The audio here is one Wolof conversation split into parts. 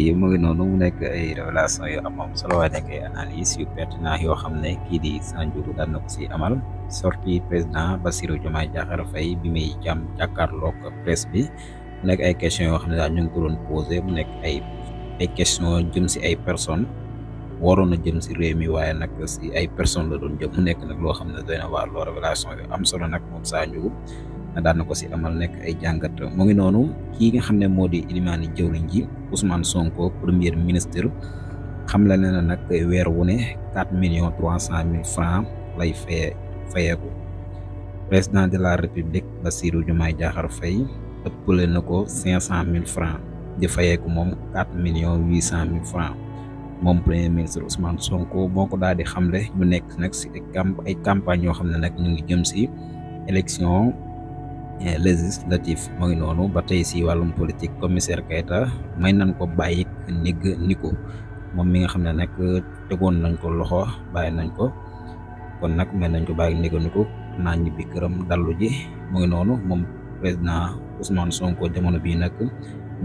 yi mu ngi noonu mu nekk ay révélation yu am am solo waaye nekk ay analyse yu pertinent yoo xam ne kii di Sandiougu daan na ko si amal sorti président Bassirou Diomaye Diakhar Faye bi muy jàmm jàkkaarloog presse bi mu nekk ay question yoo xam ne daal ñu ngi ko doon posé mu nekk ay ay question jëm si ay personne waroon a jëm si réew mi waaye nag si ay personne la doon jëm mu nekk nag loo xam ne doy na waar loo révélation yu am solo nag moom Sandiougu daal na ko si amal nekk ay jàngat mu ngi noonu kii nga xam ne moo di ilimaani jëwriñ ji Ousmane Sonko premier ministre xam la ne nag weer wu ne quatre millions trois cent mille francs lay fay fayeeku président de la république Bassirou Diomaye Diakhar Faye ëppale na ko cinq cent mille francs di fayeeku moom quatre millions huit cent mille moom premier ministre Ousmane Sonko moo ko daal di xam xamle ñu nekk nag ay campagne yoo xam ne nag ñu ngi jëm si élection Ya, législatif mo ngi nonu ba tay si walum politique commissaire kayta may nan ko bàyyi neg niku mom mi nga xamne nak tegon nañ ko loxo baye nañ ko kon nak may nañ ko bàyyi ndigg niku naa ñibbi këram dalu ji mo ngi nonu mom président Ousmane Sonko jamono bi nak ñu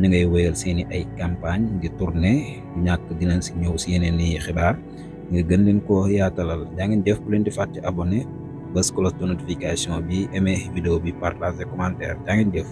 ngay wëyel seeni ay campagne di tournée ñàkk dinañ ci ñew ci yeneen yi xibaar nga gën leen ko yaatalal ya ngeen def bu leen di fatte abonné bës cloche de notification bi aimé vidéo bi partager commentaire jaa ngeen jëf